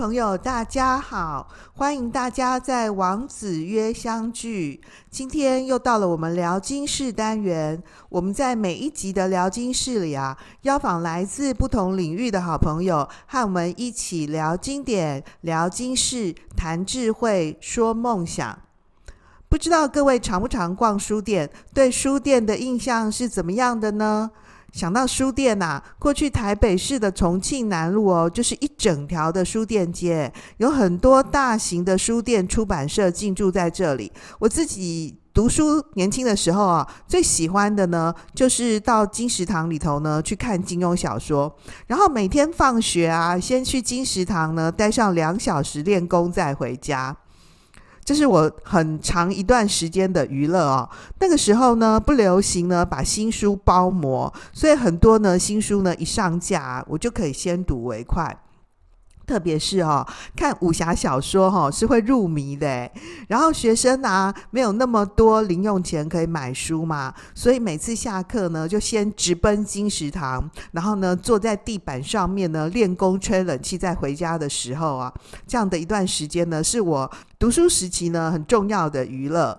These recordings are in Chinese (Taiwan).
朋友，大家好！歡迎大家在王子曰相聚。今天又到了我們聊經室單元。我們在每一集的聊經室裡啊，邀訪來自不同領域的好朋友，和我們一起聊經典、聊經室、談智慧、說夢想。不知道各位常不常逛書店？對書店的印象是怎麼樣的呢？想到書店吶、啊，過去台北市的重慶南路哦，就是一整條的書店街，有很多大型的書店出版社進駐在這裡。我自己讀書年輕的時候啊，最喜歡的呢，就是到金石堂裡頭呢去看金庸小說，然後每天放學啊，先去金石堂呢待上兩小時練功，再回家。這是我很長一段時間的娛樂哦！那個時候呢，不流行呢把新書包膜，所以很多呢新書呢一上架，我就可以先睹為快。特別是哦，看武俠小說哦，是會入迷的，然後學生啊沒有那麼多零用錢可以買書嘛，所以每次下課呢就先直奔金石堂，然後呢坐在地板上面呢練功吹冷氣，再回家的時候啊，這樣的一段時間呢是我讀書時期呢很重要的娛樂。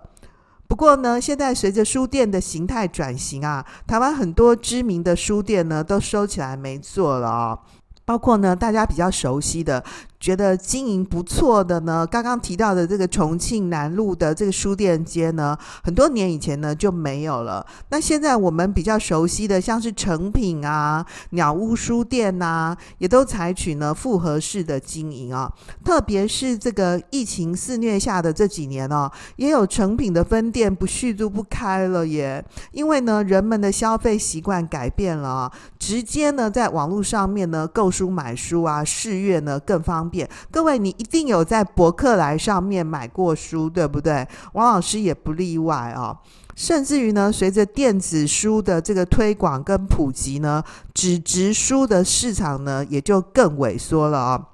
不過呢，現在隨着書店的形態轉型啊，台灣很多知名的書店呢都收起來沒做了哦。包括呢，大家比較熟悉的。覺得經營不錯的呢，剛剛提到的這個重慶南路的這個書店街呢，很多年以前呢就沒有了。那現在我們比較熟悉的，像是誠品啊、蔦屋書店啊，也都採取呢複合式的經營啊。特別是這個疫情肆虐下的這幾年哦、啊，也有誠品的分店不續租不開了耶，因為呢人們的消費習慣改變了、啊，直接呢在網絡上面呢購書買書啊試閱呢更方便。各位，你一定有在博客來上面買過書，對不對？王老師也不例外哦。甚至於呢，隨着電子書的這個推廣跟普及呢，紙質書的市場呢也就更萎縮了啊、哦。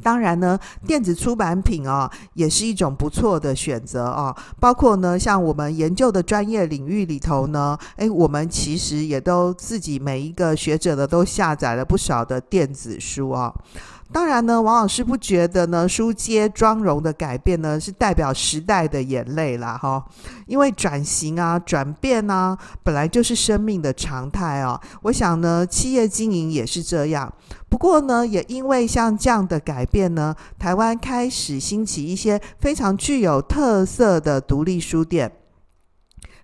當然呢，電子出版品啊、哦、也是一種不錯的選擇啊、哦。包括呢，像我們研究的專業領域裡頭呢，哎，我們其實也都自己每一個學者呢都下載了不少的電子書啊、哦。當然呢，王老師不覺得呢，書接妝容的改變呢，是代表時代的眼淚啦，哈，因為轉型啊、轉變啊，本來就是生命的常態哦、啊。我想呢，企業經營也是這樣。不過呢，也因為像這樣的改變呢，台灣開始興起一些非常具有特色的獨立書店。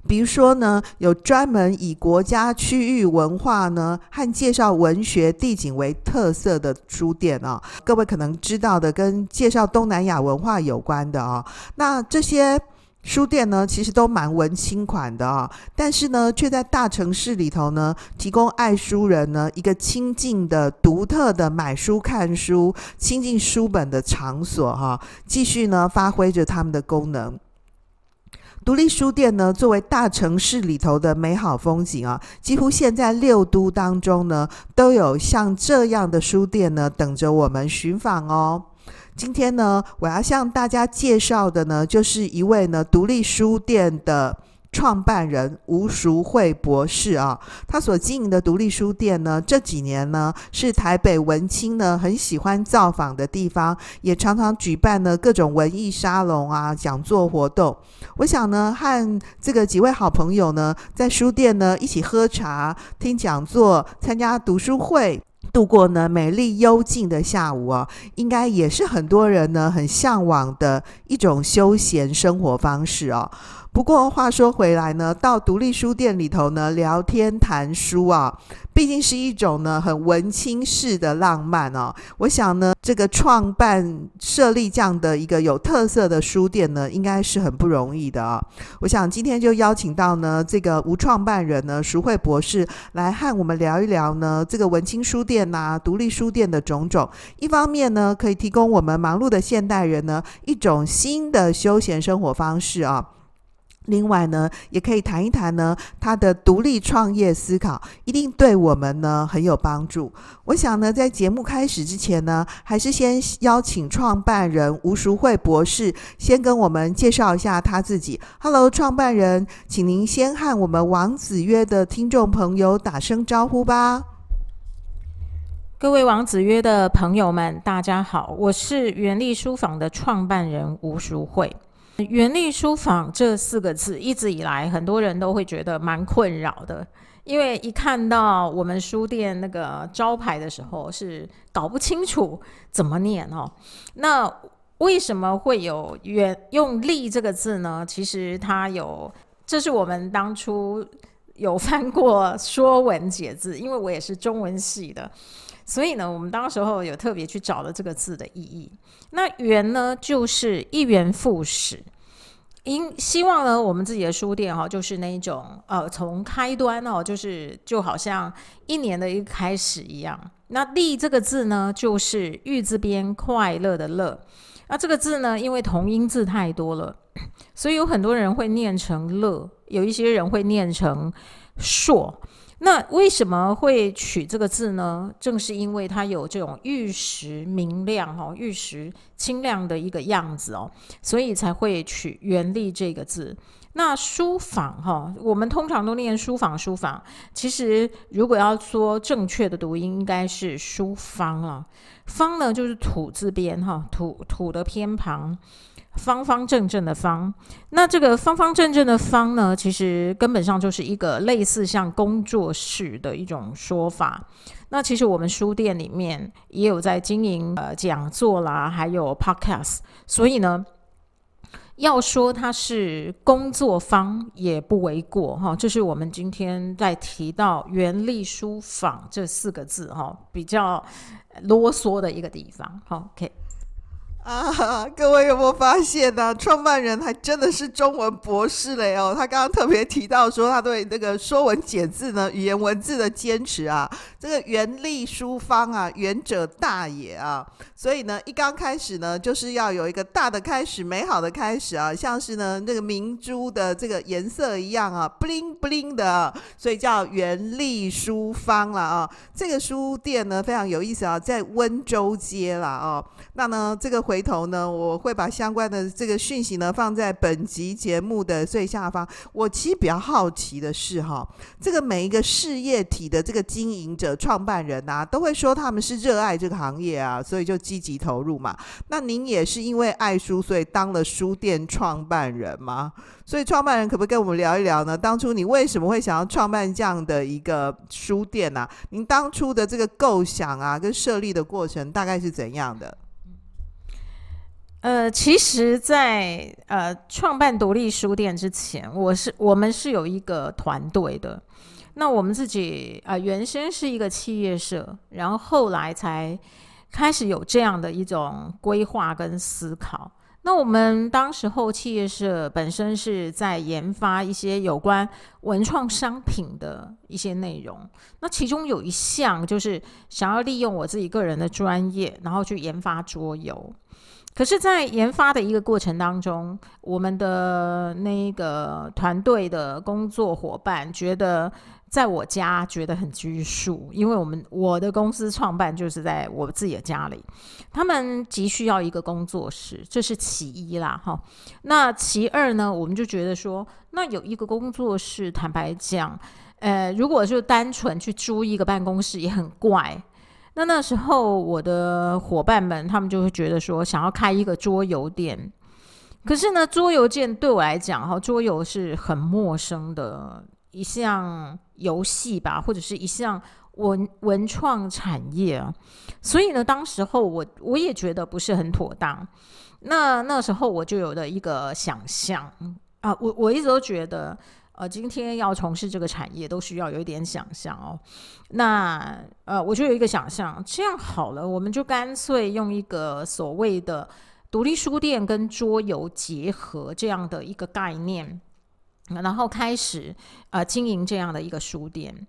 比如說呢，有專門以國家區域文化呢和介紹文學地景為特色的書店啊、哦，各位可能知道的跟介紹東南亞文化有關的啊、哦，那這些書店呢，其實都蠻文青款的啊、哦，但是呢，卻在大城市裡頭呢，提供愛書人呢一個親近的、獨特的買書、看書、親近書本的場所哈、哦，繼續呢發揮着他們的功能。獨立書店呢，作為大城市裡頭的美好風景啊，幾乎現在六都當中呢，都有像這樣的書店呢，等着我們尋訪哦。今天呢，我要向大家介紹的呢，就是一位呢，獨立書店的創辦人吳淑慧博士啊，他所經營的獨立書店呢，這幾年呢是台北文青呢很喜歡造訪的地方，也常常舉辦呢各種文藝沙龍啊、講座活動。我想呢，和這個幾位好朋友呢，在書店呢一起喝茶、聽講座、參加讀書會，度過呢美麗幽靜的下午啊，應該也是很多人呢很向往的一種休閒生活方式啊。不過話說回來呢，到獨立書店裡頭呢聊天談書啊，畢竟是一種呢很文青式的浪漫哦、啊。我想呢，這個創辦設立這樣的一個有特色的書店呢，應該是很不容易的啊。我想今天就邀請到呢這個吳創辦人呢，淑慧博士來和我們聊一聊呢這個文青書店吶、啊，獨立書店的種種。一方面呢，可以提供我們忙碌的現代人呢一種新的休閒生活方式啊。另外呢，也可以談一談呢，他的獨立創業思考，一定對我們呢很有幫助。我想呢，在節目開始之前呢，還是先邀請創辦人吳淑慧博士，先跟我們介紹一下他自己。Hello，創辦人，請您先和我們王子曰的聽眾朋友打聲招呼吧。各位王子曰的朋友們，大家好，我是元瓅書坊的創辦人吳淑慧。元瓅書坊這四個字一直以來很多人都會覺得蠻困擾的，因為一看到我們書店那個招牌的時候是搞不清楚怎麼念哦。那為什麼會有原用「瓅」這個字呢？其實它有，這是我們當初有翻過《說文解字》，因為我也是中文系的。所以呢，我們當時候有特別去找了這個字的意義。那“元”呢，就是一元復始，因希望呢，我們自己的書店哈、哦，就是那一種呃，從開端哦，就是就好像一年的一個開始一樣。那“瓅”這個字呢，就是玉字邊快樂的“樂”。那這個字呢，因為同音字太多了，所以有很多人會念成“樂”，有一些人會念成“朔”。那為什麼會取這個字呢？正是因為它有這種玉石明亮哈、哦，玉石清亮的一個樣子哦，所以才會取“元瓅”這個字。那書房哈、哦，我們通常都念“書房”，書房其實如果要說正確的讀音，應該是“書坊”啊，“方”呢就是土字邊哈、哦，土土的偏旁。方方正正的方，那這個方方正正的方呢，其實根本上就是一個類似像工作室的一種說法。那其實我們書店裡面也有在經營呃講座啦，還有 podcast，所以呢，要說它是工作坊也不為過哈。這、哦就是我們今天在提到“元瓅書坊”這四個字哈、哦，比較囉嗦的一個地方。OK。啊，各位有沒有發現呢、啊？創辦人還真的是中文博士嘞哦！他剛剛特別提到說，他對那個《說文解字》呢，語言文字的堅持啊，這個“元瓅書坊”啊，“元者大也”啊，所以呢，一剛開始呢，就是要有一個大的開始，美好的開始啊，像是呢那個明珠的這個顏色一樣啊 bling bling 的，所以叫“元瓅書坊”了啊。這個書店呢非常有意思啊，在溫州街啦、啊。哦。那呢，這個回。回頭呢，我會把相關的這個訊息呢放在本集節目的最下方。我其實比較好奇的是，哈，這個每一個事業體的這個經營者、創辦人啊，都會說他們是熱愛這個行業啊，所以就積極投入嘛。那您也是因為愛書，所以當了書店創辦人嗎？所以創辦人可不可以跟我們聊一聊呢？當初你為什麼會想要創辦這樣的一個書店呢？您當初的這個構想啊，跟設立的過程大概是怎樣的？呃，其實在，在呃創辦獨立書店之前，我是我們是有一個團隊的。那我們自己啊、呃，原先是一個企業社，然後後來才開始有這樣的一種規劃跟思考。那我們當時候企業社本身是在研發一些有關文創商品的一些內容。那其中有一項就是想要利用我自己個人的專業，然後去研發桌遊。可是，在研發的一個過程當中，我們的那個團隊的工作夥伴覺得，在我家覺得很拘束，因為我們我的公司創辦就是在我自己的家裡，他們急需要一個工作室，這是其一啦，哈。那其二呢，我們就覺得說，那有一個工作室，坦白講，呃，如果就單純去租一個辦公室，也很怪。那那時候我的夥伴們，他們就會覺得說想要開一個桌遊店，可是呢，桌遊店對我來講，哈，桌遊是很陌生的一項遊戲吧，或者是一項文文創產業。所以呢，當時候我我也覺得不是很妥當。那那時候我就有了一個想象啊，我我一直都覺得。呃，今天要從事這個產業都需要有一點想象哦。那呃，我就有一個想象，這樣好了，我們就乾脆用一個所謂的獨立書店跟桌遊結合這樣的一個概念，然後開始呃經營這樣的一個書店。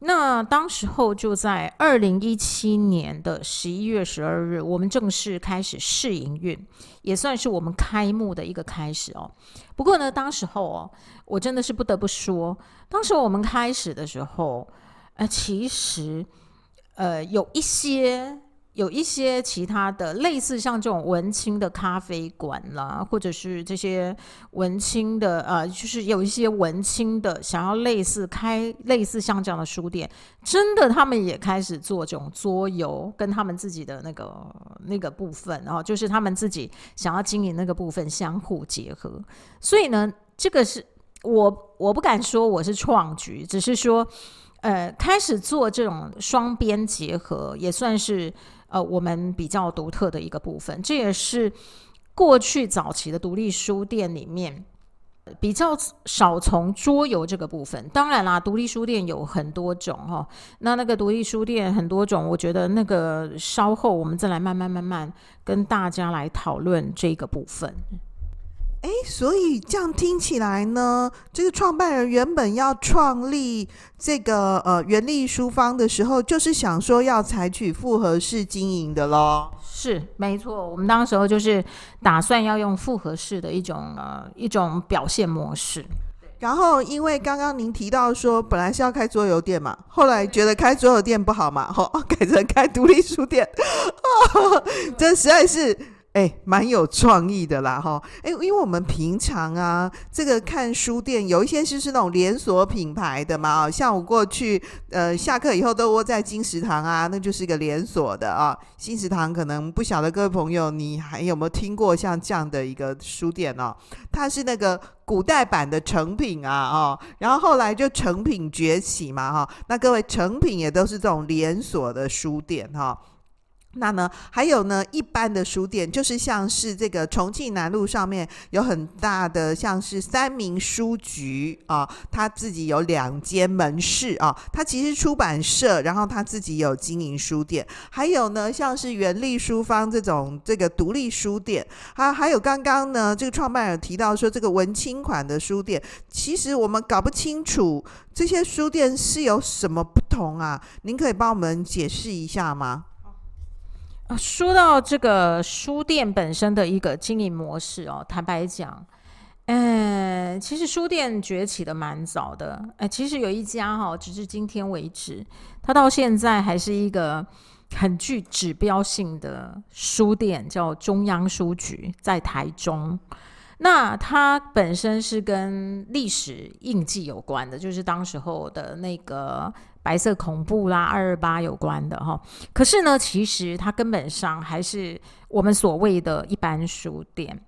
那當時候就在二零一七年的十一月十二日，我們正式開始試營運，也算是我們開幕的一個開始哦。不過呢，當時候哦，我真的是不得不說，當時我們開始的時候，呃，其實，呃，有一些。有一些其他的類似像這種文青的咖啡館啦，或者是這些文青的，呃，就是有一些文青的想要類似開類似像這樣的書店，真的他們也開始做這種桌遊，跟他們自己的那個那個部分哦、啊，就是他們自己想要經營那個部分相互結合。所以呢，這個是我我不敢說我是創舉，只是說，呃，開始做這種雙邊結合也算是。呃，我們比較獨特的一個部分，這也是過去早期的獨立書店裡面比較少從桌遊這個部分。當然啦，獨立書店有很多種哦。那那個獨立書店很多種，我覺得那個稍後我們再來慢慢慢慢跟大家來討論這個部分。哎，所以這樣聽起來呢，這個創辦人原本要創立這個呃元瓅書坊的時候，就是想說要採取複合式經營的咯。是，沒錯，我們當時候就是打算要用複合式的一種呃一種表現模式。對然後因為剛剛您提到說，本來是要開桌遊店嘛，後來覺得開桌遊店不好嘛，後、哦、改成開獨立書店，哦、這實在是。蠻、欸、有創意的啦，哈、哦！哎、欸，因為我們平常啊，這個看書店，有一些是是那種連鎖品牌的嘛，啊、哦，像我過去，呃，下課以後都窩在金石堂啊，那就是一個連鎖的啊。金、哦、石堂可能不曉得各位朋友，你還有沒有聽過像這樣的一個書店呢、哦？它是那個古代版的誠品啊，哦，然後後來就誠品崛起嘛，哈、哦。那各位誠品也都是這種連鎖的書店，哈、哦。那呢，還有呢，一般的書店就是像是這個重慶南路上面有很大的像是三民書局啊，他自己有兩間門市啊，他其實出版社，然後他自己有經營書店。還有呢，像是元瓅書坊這種這個獨立書店啊，還有剛剛呢這個創辦人提到說這個文青款的書店，其實我們搞不清楚這些書店是有什麼不同啊？您可以幫我們解釋一下嗎？說到這個書店本身的一個經營模式哦，坦白講，誒，其實書店崛起的蠻早的，誒，其實有一家哈、哦，直至今天為止，它到現在還是一個很具指標性的書店，叫中央書局，在台中。那它本身是跟歷史印記有關的，就是當時候的那個白色恐怖啦、啊、二二八有關的哈、哦。可是呢，其實它根本上還是我們所謂的一般書店。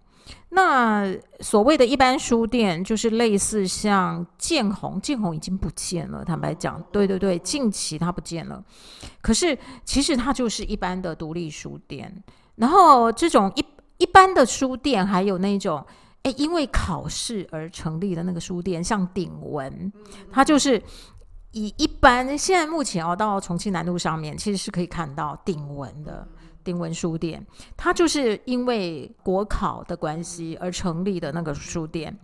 那所謂的一般書店，就是類似像建宏，建宏已經不見了。坦白講，對對對，近期它不見了。可是其實它就是一般的獨立書店，然後這種一。一般的書店，還有那種誒，因為考試而成立的那個書店，像鼎文，它就是以一般現在目前哦，到重慶南路上面其實是可以看到鼎文的、鼎文書店，它就是因為國考的關係而成立的那個書店。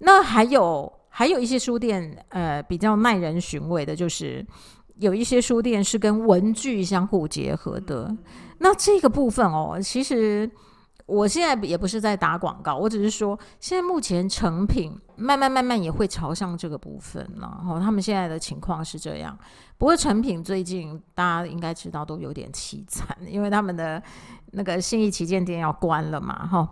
那還有還有一些書店，呃，比較耐人尋味的，就是有一些書店是跟文具相互結合的。那這個部分哦，其實。我現在也不是在打廣告，我只是說，現在目前誠品慢慢慢慢也會朝向這個部分了。然後、哦、他們現在的情況是這樣，不過誠品最近大家應該知道都有點淒慘，因為他們的那個信義旗艦店要關了嘛。哈、哦，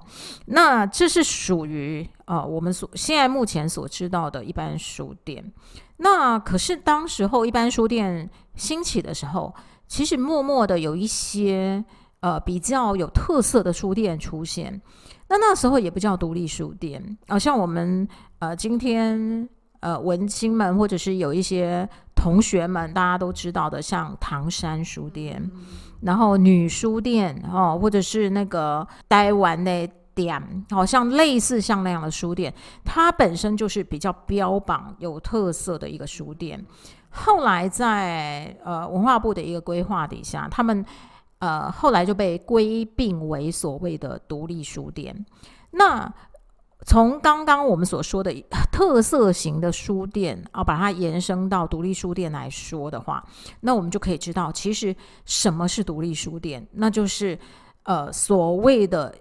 那這是屬於啊、呃，我們所現在目前所知道的一般書店。那可是當時候一般書店興起的時候，其實默默的有一些。呃，比較有特色的書店出現，那那時候也不叫獨立書店，好、啊、像我們呃今天呃文青們或者是有一些同學們大家都知道的，像唐山書店，然後女書店哦、啊，或者是那個台灣 ㄟ 店，好像類似像那樣的書店，它本身就是比較標榜有特色的一個書店。後來在呃文化部的一個規劃底下，他們。呃，後來就被歸併為所謂的獨立書店。那從剛剛我們所說的特色型的書店啊，把它延伸到獨立書店來說的話，那我們就可以知道，其實什麼是獨立書店，那就是呃所謂的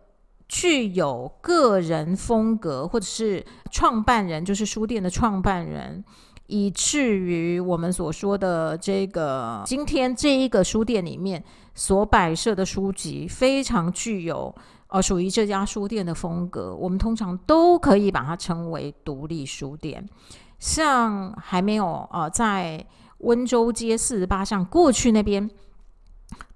具有個人風格，或者是創辦人就是書店的創辦人，以至於我們所說的這個今天這一個書店裡面。所擺設的書籍非常具有，呃，屬於這家書店的風格。我們通常都可以把它稱為獨立書店。像還沒有，呃，在溫州街四十八巷過去那邊，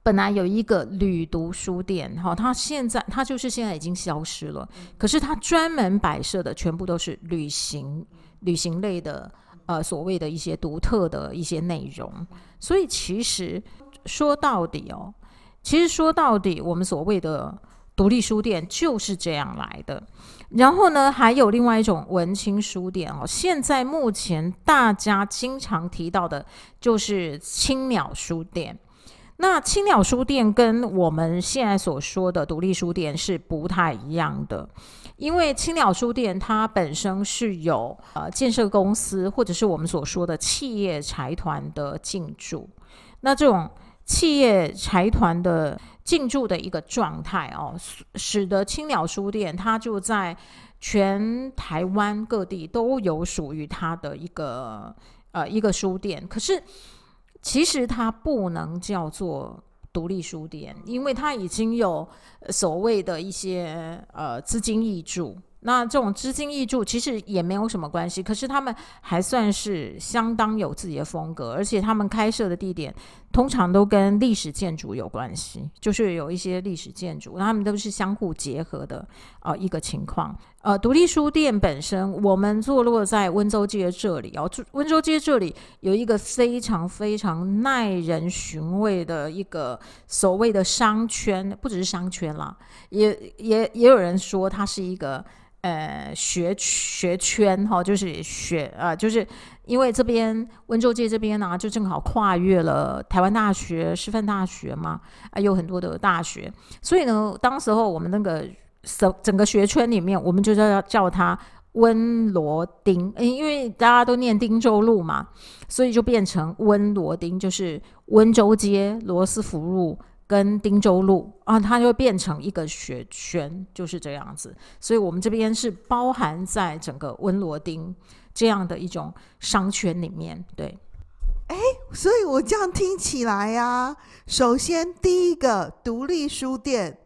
本來有一個旅讀書店，哈、哦，它現在它就是現在已經消失了。可是它專門擺設的全部都是旅行、旅行類的，呃，所謂的一些獨特的一些內容。所以其實。說到底哦，其實說到底，我們所謂的獨立書店就是這樣來的。然後呢，還有另外一種文青書店哦。現在目前大家經常提到的就是青鳥書店。那青鳥書店跟我們現在所說的獨立書店是不太一樣的，因為青鳥書店它本身是有呃建設公司或者是我們所說的企業財團的進駐。那這種企業財團的進駐的一個狀態哦，使得青鳥書店它就在全台灣各地都有屬於它的一個呃一個書店。可是其實它不能叫做獨立書店，因為它已經有所謂的一些呃資金挹注。那這種資金挹注其實也沒有什麼關係，可是他們還算是相當有自己的風格，而且他們開設的地點。通常都跟歷史建築有關係，就是有一些歷史建築，它們都是相互結合的啊、呃、一個情況。呃，獨立書店本身，我們坐落在溫州街這裡哦，溫州街這裡有一個非常非常耐人尋味的一個所謂的商圈，不只是商圈啦，也也也有人說它是一個。呃、嗯，學學圈、哦、就是學啊，就是因為這邊溫州街這邊呢、啊，就正好跨越了台灣大學、師範大學嘛，還、啊、有很多的大學，所以呢，當時候我們那個整整個學圈裡面，我們就在叫它溫羅汀、哎，因為大家都念汀州路嘛，所以就變成溫羅汀，就是溫州街羅斯福路。跟汀州路啊，它就變成一個學圈，就是這樣子。所以我們這邊是包含在整個溫羅汀這樣的一種商圈裡面。對，哎、欸，所以我這樣聽起來呀、啊，首先第一個獨立書店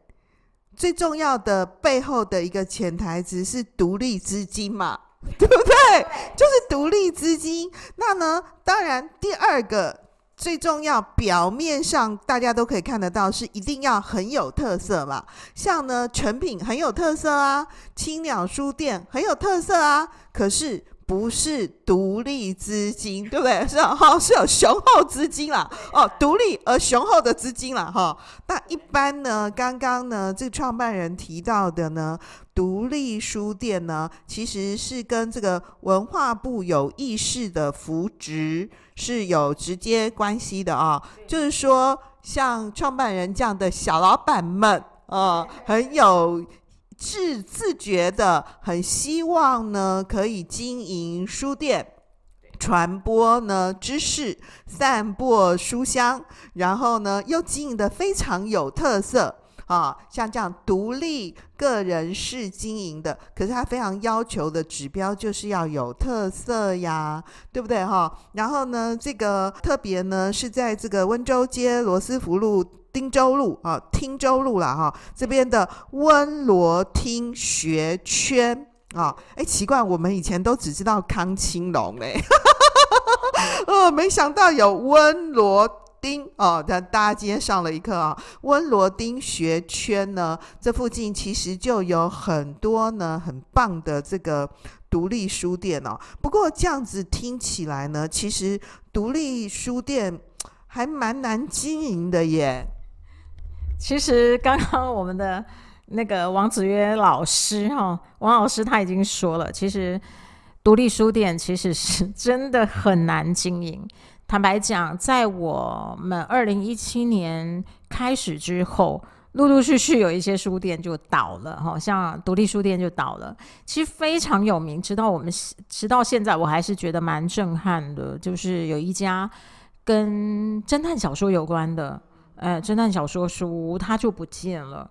最重要的背後的一個潛台詞是獨立資金嘛，對不對？ 就是獨立資金。那呢，當然第二個。最重要，表面上大家都可以看得到，是一定要很有特色嘛。像呢，誠品很有特色啊，青鳥書店很有特色啊。可是不是獨立資金，對不對？是哈、啊哦，是有雄厚資金啦，哦，獨立而雄厚的資金啦哈、哦。那一般呢，剛剛呢，這個創辦人提到的呢。獨立書店呢，其實是跟這個文化部有意識的扶植，是有直接關係的啊。就是說，像創辦人這樣的小老闆們，啊、呃，很有自自覺的，很希望呢可以經營書店，傳播呢知識，散播書香，然後呢又經營得非常有特色。啊，像這樣獨立個人式經營的，可是他非常要求的指標就是要有特色呀，對不對哈？然後呢，這個特別呢是在這個溫州街、羅斯福路、汀州路啊，汀州路啦哈，這邊的溫羅汀學圈啊，哎，奇怪，我們以前都只知道康青龍嘞、欸，呃、 哦，沒想到有溫羅。丁哦，那大家今天上了一課啊、哦。溫羅汀學圈呢，這附近其實就有很多呢很棒的這個獨立書店哦。不過這樣子聽起來呢，其實獨立書店還蠻難經營的耶。其實剛剛我們的那個王子曰老師哈、哦，王老師他已經說了，其實獨立書店其實是真的很難經營。坦白講，在我們二零一七年開始之後，陸陸續續有一些書店就倒了，好像獨立書店就倒了。其實非常有名，直到我們直到現在，我還是覺得蠻震撼的。就是有一家跟偵探小說有關的，呃，偵探小說書，它就不見了。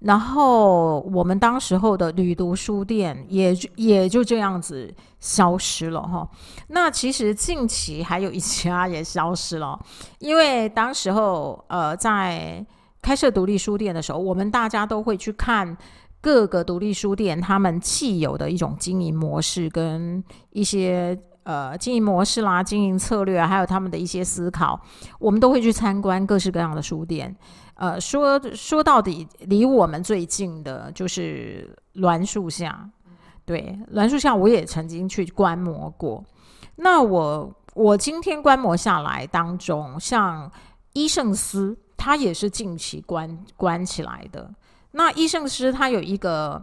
然後我們當時候的旅讀書店也也就這樣子消失了哈。那其實近期還有一家也消失了，因為當時候呃，在開設獨立書店的時候，我們大家都會去看各個獨立書店他們既有的一種經營模式跟一些呃經營模式啦、經營策略啊，還有他們的一些思考，我們都會去參觀各式各樣的書店。呃，說說到底，離我們最近的就是欒樹下。對，欒樹下我也曾經去觀摩過。那我我今天觀摩下來當中，像伊聖詩，他也是近期關關起來的。那伊聖詩他有一個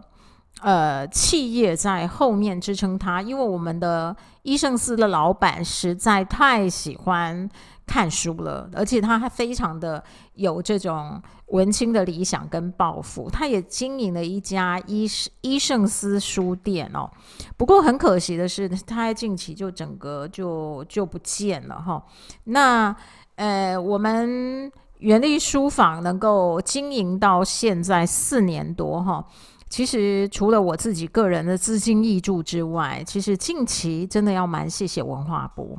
呃企業在後面支撐他，因為我們的伊聖詩的老闆實在太喜歡。看書了，而且他還非常的有這種文青的理想跟抱負，他也經營了一家伊伊聖詩書店哦。不過很可惜的是，他在近期就整個就就不見了哈、哦。那呃，我們元瓅書坊能夠經營到現在四年多哈、哦，其實除了我自己個人的資金挹注之外，其實近期真的要蠻謝謝文化部。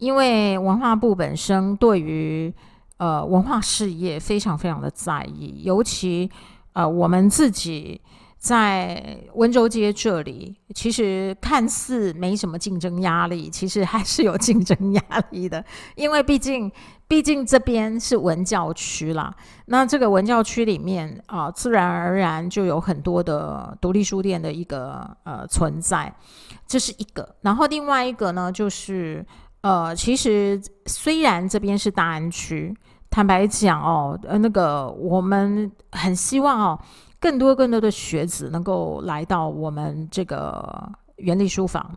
因為文化部本身對於呃文化事業非常非常的在意，尤其呃我們自己在溫州街這裡，其實看似沒什麼競爭壓力，其實還是有競爭壓力的，因為畢竟畢竟這邊是文教區啦，那這個文教區裡面啊、呃，自然而然就有很多的獨立書店的一個呃存在，這是一個。然後另外一個呢，就是。呃，其實雖然這邊是大安區，坦白講哦，呃，那個我們很希望哦，更多更多的學子能夠來到我們這個元瓅書坊，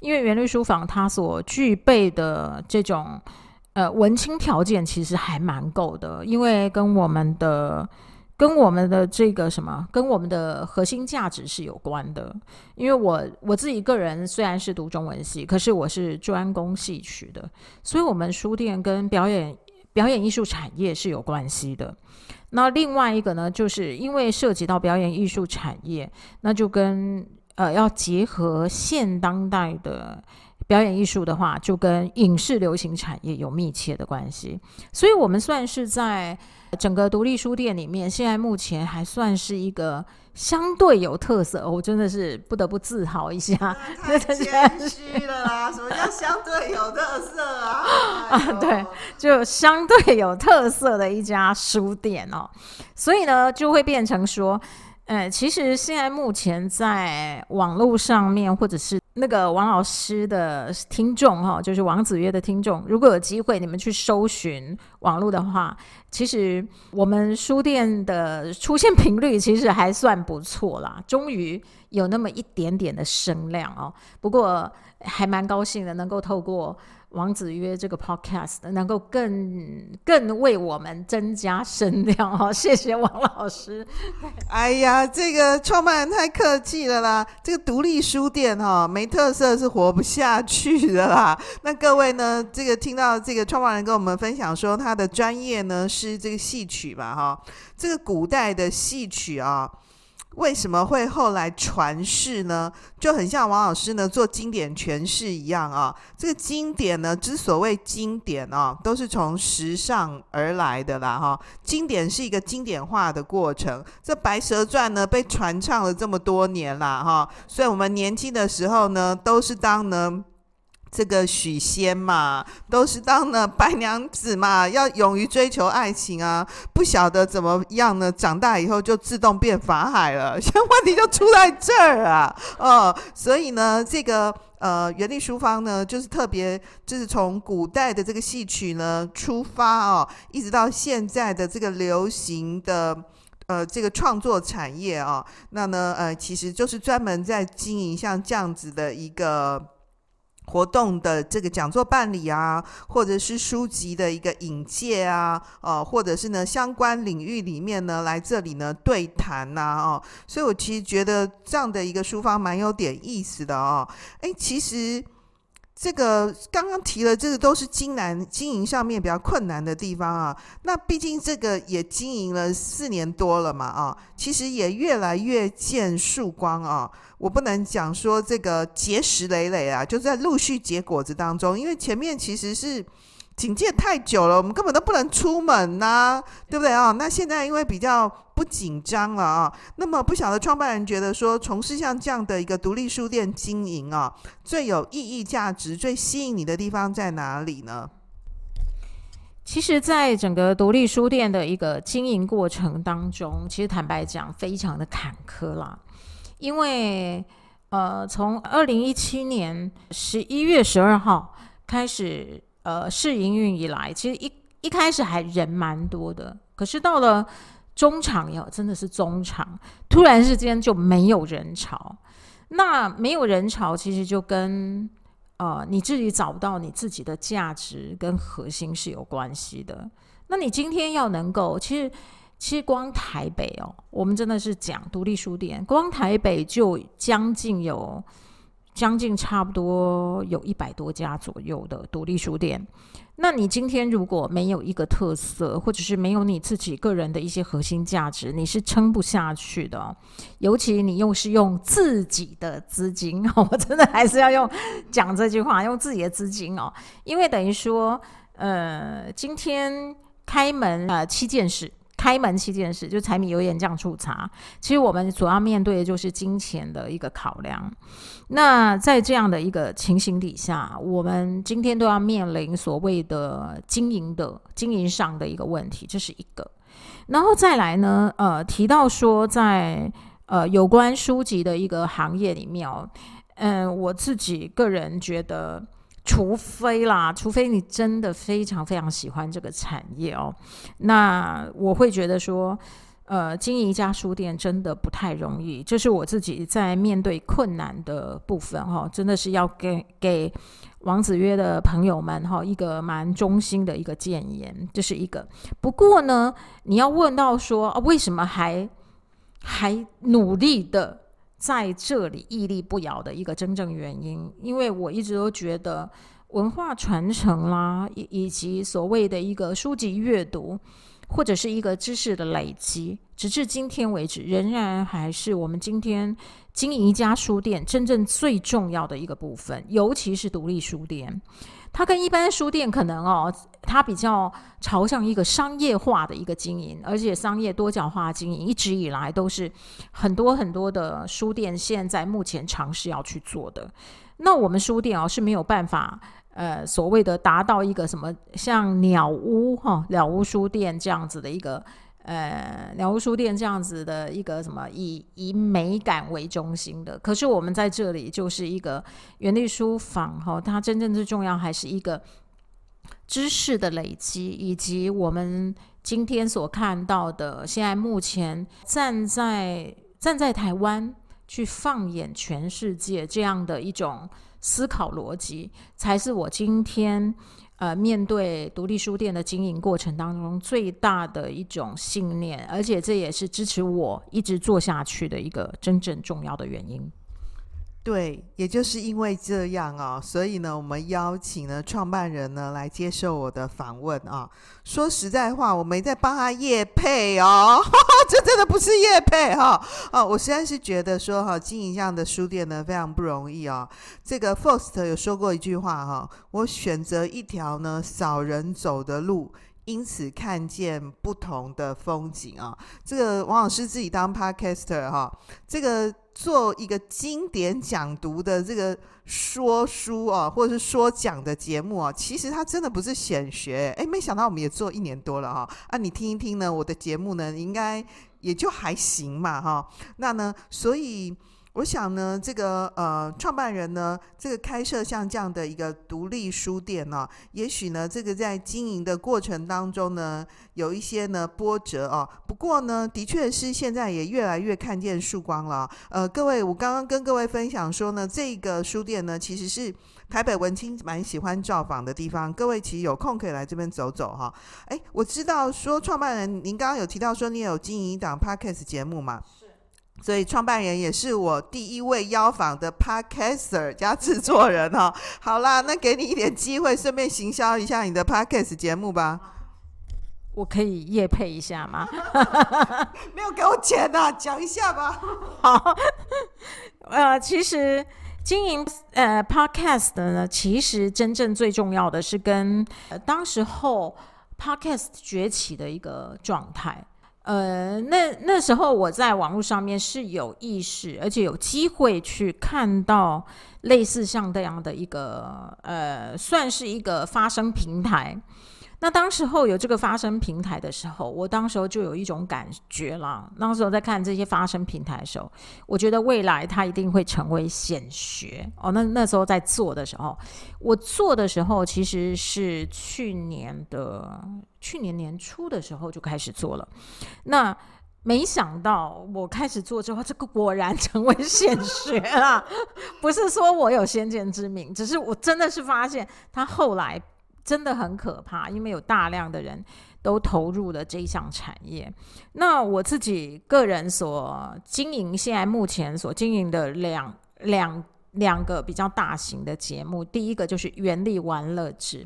因為元瓅書坊它所具備的這種呃文青條件其實還蠻夠的，因為跟我們的。跟我們的這個什麼，跟我們的核心價值是有關的。因為我我自己個人雖然是讀中文系，可是我是專攻戲曲的，所以我們書店跟表演、表演藝術產業是有關係的。那另外一個呢，就是因為涉及到表演藝術產業，那就跟呃要結合現當代的。表演藝術的話，就跟影視、流行產業有密切的關係，所以，我們算是在整個獨立書店裡面，現在目前還算是一個相對有特色。我真的是不得不自豪一下，太謙虛了啦！ 什麼叫相對有特色啊？哎、啊，對，就相對有特色的一家書店哦。所以呢，就會變成說，嗯，其實現在目前在網絡上面或者是。那個王老師的聽眾哈、哦，就是王子曰的聽眾，如果有機會你們去搜尋網絡的話，其實我們書店的出現頻率其實還算不錯啦，終於有那麼一點點的聲量哦。不過還蠻高興的，能夠透過。王子曰這個 podcast 能夠更更為我們增加聲量哈，謝謝王老師。 哎呀，這個創辦人太客氣了啦，這個獨立書店哈、哦、沒特色是活不下去的啦。那各位呢，這個聽到這個創辦人跟我們分享說，他的專業呢是這個戲曲吧哈、哦，這個古代的戲曲啊、哦。為什麼會後來傳世呢？就很像王老師呢，做經典詮釋一樣啊、哦。這個經典呢，之所謂經典啊、哦，都是從時尚而來的啦哈、哦。經典是一個經典化的過程。這《白蛇傳》呢被傳唱了這麼多年啦哈、哦，所以我們年輕的時候呢，都是當呢。這個許仙嘛，都是當了白娘子嘛，要勇於追求愛情啊，不曉得怎麼樣呢？長大以後就自動變法海了，現 在問題就出在這兒啊，哦，所以呢，這個呃，元瓅書坊呢，就是特別就是從古代的這個戲曲呢出發啊、哦，一直到現在的這個流行的呃這個創作產業啊、哦，那呢呃其實就是專門在經營像這樣子的一個。活動的這個講座辦理啊，或者是書籍的一個引介啊，呃、或者是呢相關領域裡面呢來這裡呢對談吶、啊，哦，所以我其實覺得這樣的一個書房蠻有點意思的哦，哎、欸，其實。這個剛剛提了，這個都是經營經營上面比較困難的地方啊。那畢竟這個也經營了四年多了嘛，啊，其實也越來越見曙光啊。我不能講說這個結實累累啊，就是、在陸續結果子當中，因為前面其實是。警戒太久了，我們根本都不能出門吶啊，對不對啊？那現在因為比較不緊張了啊，那麼不曉得創辦人覺得說，從事像這樣的一個獨立書店經營啊，最有意義價值、最吸引你的地方在哪裡呢？其實，在整個獨立書店的一個經營過程當中，其實坦白講，非常的坎坷啦，因為呃，從二零一七年十一月十二號開始。呃，試營運以來，其實一一開始還人蠻多的，可是到了中場哦，真的是中場，突然之間就沒有人潮。那沒有人潮，其實就跟呃你自己找不到你自己的價值跟核心是有關係的。那你今天要能夠，其實其實光台北哦，我們真的是講獨立書店，光台北就將近有。將近差不多有一百多家左右的獨立書店，那你今天如果沒有一個特色，或者是沒有你自己個人的一些核心價值，你是撐不下去的。尤其你又是用自己的資金，我真的還是要用講這句話，用自己的資金哦，因為等於說，呃，今天開門啊，呃，七件事。開門七件事，就柴米油鹽醬醋茶。其實我們主要面對的就是金錢的一個考量。那在這樣的一個情形底下，我們今天都要面臨所謂的經營的經營上的一個問題，這是一個。然後再來呢，呃，提到說在呃有關書籍的一個行業裡面哦，嗯，我自己個人覺得。除非啦，除非你真的非常非常喜歡這個產業哦，那我會覺得說，呃，經營一家書店真的不太容易，這是我自己在面對困難的部分哦，真的是要給給王子曰的朋友們哈、哦、一個蠻忠心的一個建言，這、就是一個。不過呢，你要問到說、呃、為什麼還還努力的，在這裡屹立不搖的一個真正原因，因為我一直都覺得文化傳承啦、啊，以及所謂的一個書籍閱讀，或者是一個知識的累積，直至今天為止，仍然還是我們今天經營一家書店真正最重要的一個部分，尤其是獨立書店。它跟一般書店可能哦，它比較朝向一個商業化的一個經營，而且商業多角化經營一直以來都是很多很多的書店現在目前嘗試要去做的。那我們書店哦是沒有辦法，呃，所謂的達到一個什麼像蔦屋哈、哦、蔦屋書店這樣子的一個。呃，蔦屋書店這樣子的一個什麼，以以美感為中心的。可是我們在這裡就是一個元瓅書坊，哈，它真正最重要還是一個知識的累積，以及我們今天所看到的，現在目前站在站在台灣去放眼全世界這樣的一種思考邏輯，才是我今天。呃，面對獨立書店的經營過程當中，最大的一種信念，而且這也是支持我一直做下去的一個真正重要的原因。對，也就是因為這樣哦，所以呢，我們邀請了創辦人呢來接受我的訪問啊、哦。說實在話，我沒在幫他業配哦，這哈哈真的不是業配哈、哦哦。我實在是覺得說哈，經營這樣的書店呢非常不容易哦。這個 Frost 有說過一句話哈、哦，我選擇一條呢少人走的路，因此看見不同的風景啊、哦。這個王老師自己當 Podcaster 哈、哦，這個。做一個經典講讀的這個說書啊，或者是說講的節目啊，其實它真的不是顯學誒，沒想到我們也做一年多了哈啊，你聽一聽呢，我的節目呢，應該也就還行嘛哈，那呢，所以。我想呢，這個呃，創辦人呢，這個開設像這樣的一個獨立書店呢、哦，也許呢，這個在經營的過程當中呢，有一些呢波折哦。不過呢，的確是現在也越來越看見曙光了、哦。呃，各位，我剛剛跟各位分享說呢，這個書店呢，其實是台北文青蠻喜歡造訪的地方。各位其實有空可以來這邊走走哈、哦。誒，我知道說創辦人，您剛剛有提到說你有經營一檔 podcast 節目嘛？所以，創辦人也是我第一位邀訪的 Podcaster 加製作人哦。好啦，那給你一點機會，順便行銷一下你的 Podcast 節目吧。我可以業配一下嗎？ 沒有給我錢吶、啊，講一下吧。 好。呃，其實經營呃 Podcast 呢，其實真正最重要的是跟、呃、當時候 Podcast 崛起的一個狀態。呃，那那時候我在網絡上面是有意識，而且有機會去看到類似像這樣的一個，呃，算是一個發聲平台。那當時候有這個發聲平台的時候，我當時候就有一種感覺啦。那時候在看這些發聲平台的時候，我覺得未來它一定會成為顯學。哦，那那時候在做的時候，我做的時候其實是去年的去年年初的時候就開始做了。那沒想到我開始做之後，這個果然成為顯學啦。 不是說我有先見之明，只是我真的是發現它後來。真的很可怕，因為有大量的人都投入了這一項產業。那我自己個人所經營，現在目前所經營的兩兩兩個比較大型的節目，第一個就是“元瓅玩樂誌”。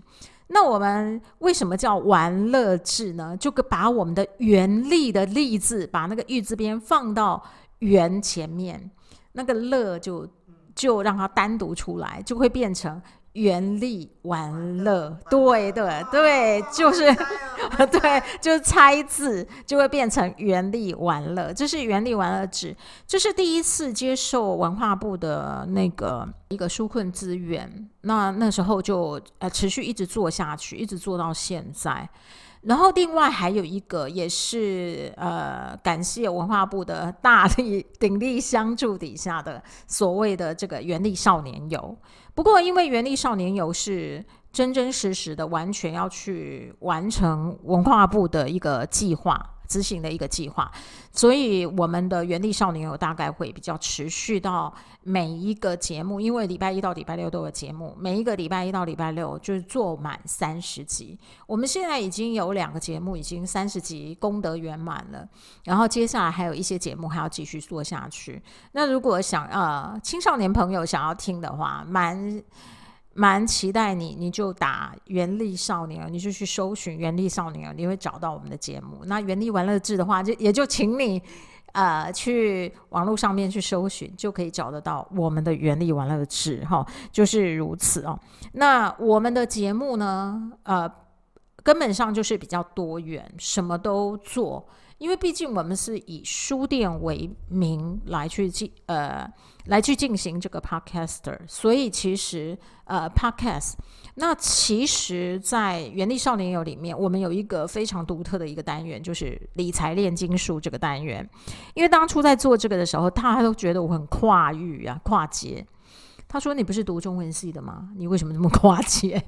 那我們為什麼叫“玩樂誌”呢？就把我們的“元瓅”的“瓅字把那個“玉字邊放到“元”前面，那個樂“樂”就就讓它單獨出來，就會變成，元瓅玩樂，對對對，就是，啊、 對，啊、就是猜字，就會變成元瓅玩樂。這，就是元瓅玩樂誌這，就是第一次接受文化部的那個一個紓困資源。那那時候就呃持續一直做下去，一直做到現在。然後另外還有一個，也是呃感謝文化部的大力鼎力相助底下的所謂的這個元瓅少年遊。不過，因為《元瓅少年遊》是真真實實的，完全要去完成文化部的一個計劃。執行的一個計劃，所以我們的元瓅少年遊大概會比較持續到每一個節目，因為禮拜一到禮拜六都有節目，每一個禮拜一到禮拜六就是做滿三十集。我們現在已經有兩個節目已經三十集功德圓滿了，然後接下來還有一些節目還要繼續做下去。那如果想呃青少年朋友想要聽的話，蠻。蠻期待你，你就打“元瓅少年”，你就去搜尋“元瓅少年”，你會找到我們的節目。那“元瓅玩樂志”的話，就也就請你，呃，去網絡上面去搜尋，就可以找得到我們的“元瓅玩樂志”哈、哦，就是如此哦。那我們的節目呢，呃，根本上就是比較多元，什麼都做。因為畢竟我們是以書店為名來去進呃來去進行這個 podcaster，所以其實呃 podcast 那其實，在《元瓅少年遊》裡面，我們有一個非常獨特的一個單元，就是理財煉金術這個單元。因為當初在做這個的時候，大家都覺得我很跨域啊，跨界。他說：“你不是讀中文系的嗎？你為什麼這麼跨界？”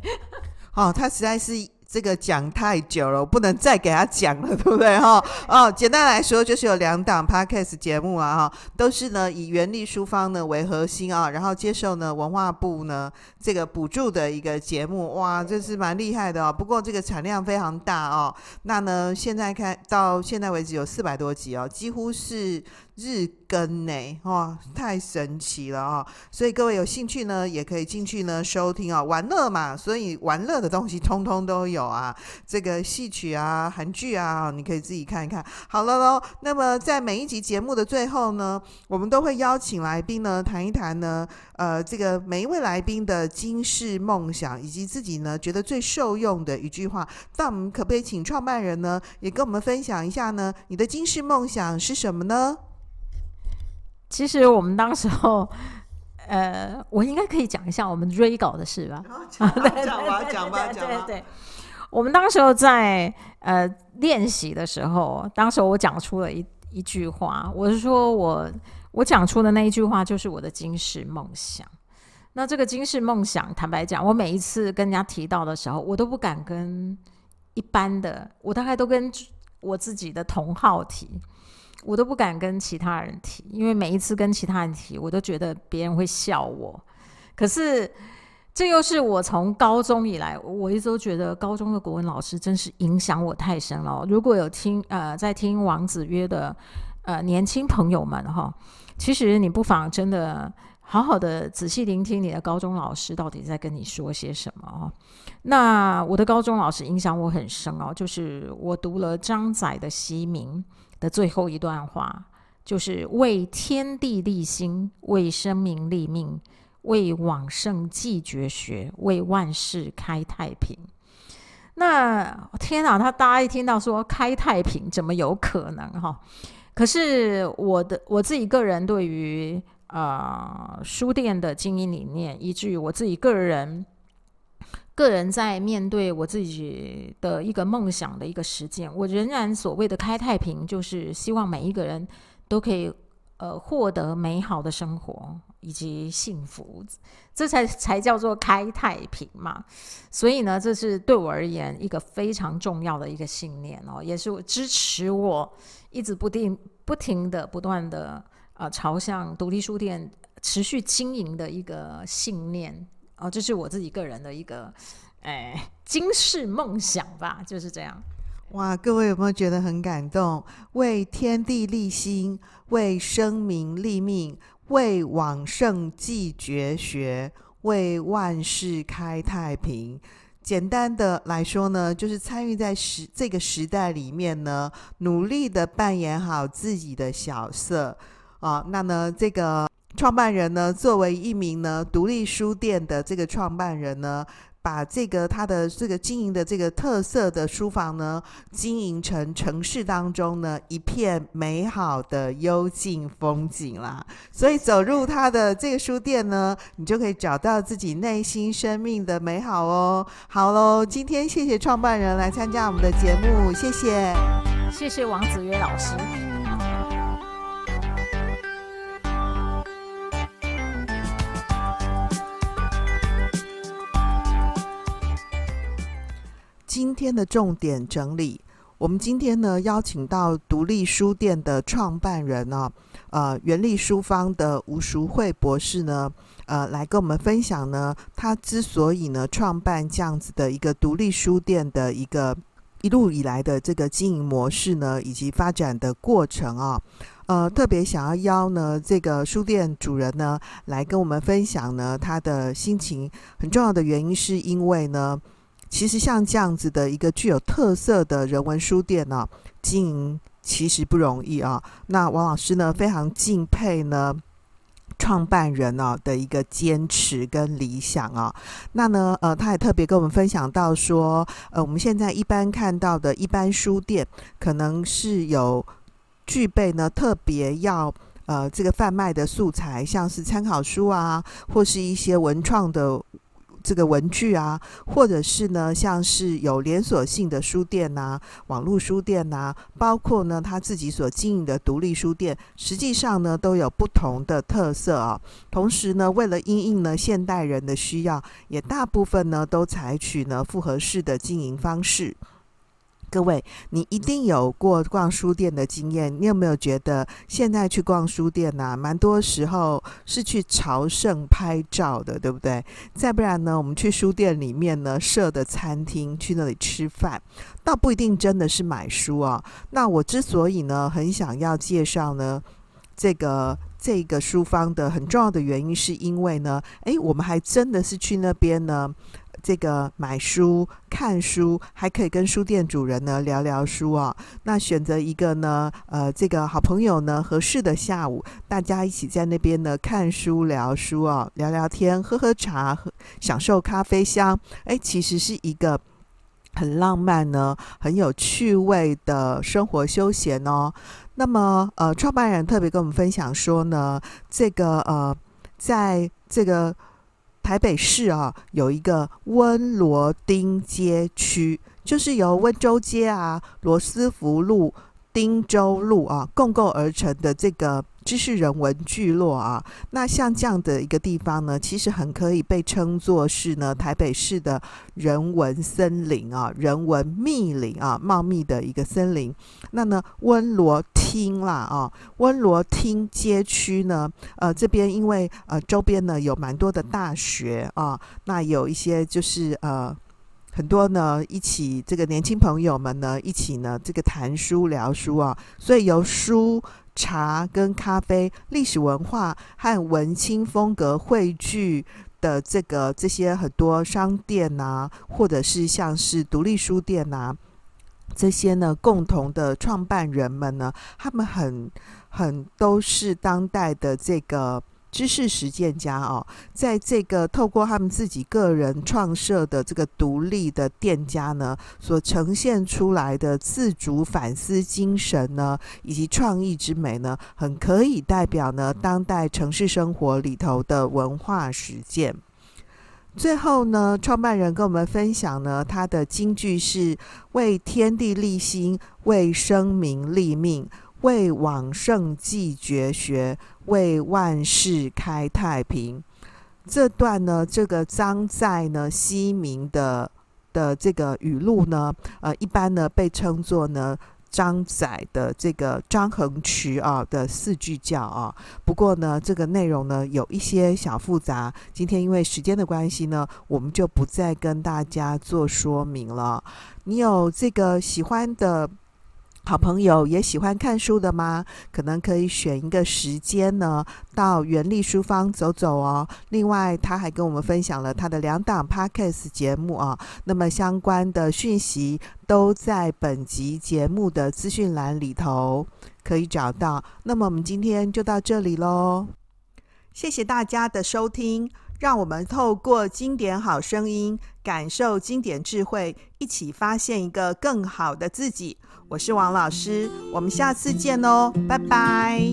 哦，他實在是。這個講太久了，我不能再給他講了，對不對哈？ 哦，簡單來說就是有兩檔 Podcast 節目啊，哈，都是呢以元瓅書坊呢為核心啊，然後接受呢文化部呢這個補助的一個節目，哇，這是蠻厲害的哦。不過這個產量非常大哦，那呢現在看到現在為止有四百多集哦，幾乎是。日更呢？哦，太神奇了啊、哦！所以各位有興趣呢，也可以進去呢收聽啊、哦。玩樂嘛，所以玩樂的東西通通都有啊。這個戲曲啊，韓劇啊，你可以自己看一看。好了嘍，那麼在每一集節目的最後呢，我們都會邀請來賓呢談一談呢，呃，這個每一位來賓的今世夢想以及自己呢覺得最受用的一句話。那我們可不可以請創辦人呢，也跟我們分享一下呢？你的今世夢想是什麼呢？其實我們當時候，呃，我應該可以講一下我們追稿的事吧？哦、啊，對，講，講吧，講吧， 講吧，對。我們當時候在呃練習的時候，當時我講出了一一句話，我是說我我講出的那一句話就是我的今世夢想。那這個今世夢想，坦白講，我每一次跟人家提到的時候，我都不敢跟一般的，我大概都跟我自己的同好提。我都不敢跟其他人提，因為每一次跟其他人提，我都覺得別人會笑我。可是，這又是我從高中以來，我一直都覺得高中的國文老師真是影響我太深了、哦。如果有聽呃在聽王子曰的呃年輕朋友們哈、哦，其實你不妨真的好好的仔細聆聽你的高中老師到底在跟你說些什麼、哦、那我的高中老師影響我很深哦，就是我讀了張載的《西銘》。的最後一段話，就是為天地立心，為生民立命，為往聖繼絕學，為萬世開太平。那天啊，他大家一聽到說開太平，怎麼有可能哈、哦？可是我的我自己個人對於啊、呃、書店的經營理念，以至於我自己個人。個人在面對我自己的一個夢想的一個實踐，我仍然所謂的開太平，就是希望每一個人都可以呃獲得美好的生活以及幸福，這才才叫做開太平嘛。所以呢，這是對我而言一個非常重要的一個信念哦，也是支持我一直不定不停的不斷的呃，朝向獨立書店持續經營的一個信念。哦，這是我自己個人的一個，誒、哎，今世夢想吧，就是這樣。哇，各位有沒有覺得很感動？為天地立心，為生民立命，為往聖繼絕學，為萬世開太平。簡單的來說呢，就是參與在時這個時代裡面呢，努力的扮演好自己的角色。哦、啊，那呢，這個。創辦人呢，作為一名呢獨立書店的這個創辦人呢，把這個他的這個經營的這個特色的書房呢，經營成城市當中呢一片美好的幽靜風景啦。所以走入他的這個書店呢，你就可以找到自己內心生命的美好哦。好嘍，今天謝謝創辦人來參加我們的節目，謝謝，謝謝王子曰老師。今天的重點整理，我們今天呢邀請到獨立書店的創辦人呢、哦，呃，元瓅書坊的吳淑慧博士呢，呃，來跟我們分享呢，他之所以呢創辦這樣子的一個獨立書店的一個一路以來的這個經營模式呢，以及發展的過程啊、哦，呃，特別想要邀呢這個書店主人呢來跟我們分享呢他的心情，很重要的原因是因為呢。其實像這樣子的一個具有特色的人文書店呢、啊，經營其實不容易啊。那王老師呢，非常敬佩呢創辦人哦、啊，的一個堅持跟理想啊。那呢，呃，他也特別跟我們分享到說，呃，我們現在一般看到的一般書店，可能是有具備呢特別要呃這個販賣的素材，像是參考書啊，或是一些文創的。這個文具啊，或者是呢，像是有連鎖性的書店吶、啊、網絡書店吶、啊，包括呢他自己所經營的獨立書店，實際上呢都有不同的特色啊。同時呢，為了因應呢現代人的需要，也大部分呢都採取呢複合式的經營方式。各位，你一定有過逛書店的經驗。你有沒有覺得現在去逛書店呢、啊，蠻多時候是去朝聖拍照的，對不對？再不然呢，我們去書店裡面呢設的餐廳去那裡吃飯，倒不一定真的是買書啊。那我之所以呢很想要介紹呢這個這個書坊的很重要的原因，是因為呢，哎，我們還真的是去那邊呢。這個買書、看書，還可以跟書店主人呢聊聊書啊、哦。那選擇一個呢，呃，這個好朋友呢合適的下午，大家一起在那邊呢看書、聊書啊、哦，聊聊天、喝喝茶、享受咖啡香。誒，其實是一個很浪漫呢、很有趣味的生活休閒哦。那麼，呃，創辦人特別跟我們分享說呢，這個呃，在這個。台北市啊，有一個溫羅汀街區，就是由溫州街啊、羅斯福路、汀州路啊，共構而成的這個知識人文聚落啊，那像這樣的一個地方呢，其實很可以被稱作是呢，台北市的人文森林啊，人文密林啊，茂密的一個森林。那呢，溫羅汀啦啊，溫羅汀街區呢，呃，這邊因為呃周邊呢有蠻多的大學啊，那有一些就是呃。很多呢，一起這個年輕朋友們呢，一起呢這個談書聊書啊，所以由書、茶跟咖啡、歷史文化和文青風格匯聚的這個這些很多商店啊，或者是像是獨立書店吶、啊，這些呢共同的創辦人們呢，他們很很都是當代的這個。知識實踐家哦，在這個透過他們自己個人創設的這個獨立的店家呢，所呈現出來的自主反思精神呢，以及創意之美呢，很可以代表呢當代城市生活裡頭的文化實踐。最後呢，創辦人跟我們分享呢，他的金句是“為天地立心，為生民立命”。為往聖繼絕學，為萬世開太平。這段呢，這個張載呢，西銘的的這個語錄呢，呃，一般呢被稱作呢張載的這個張橫渠啊的四句教啊。不過呢，這個內容呢有一些小複雜，今天因為時間的關係呢，我們就不再跟大家做說明了。你有這個喜歡的好朋友也喜歡看書的嗎？可能可以選一個時間呢，到元瓅書坊走走哦。另外，他還跟我們分享了他的兩檔 Podcast 節目啊。那麼相關的訊息都在本集節目的資訊欄裡頭可以找到。那麼我們今天就到這裡嘍，謝謝大家的收聽。讓我們透過經典好聲音，感受經典智慧，一起發現一個更好的自己。我是王老師，我們下次見哦，拜拜。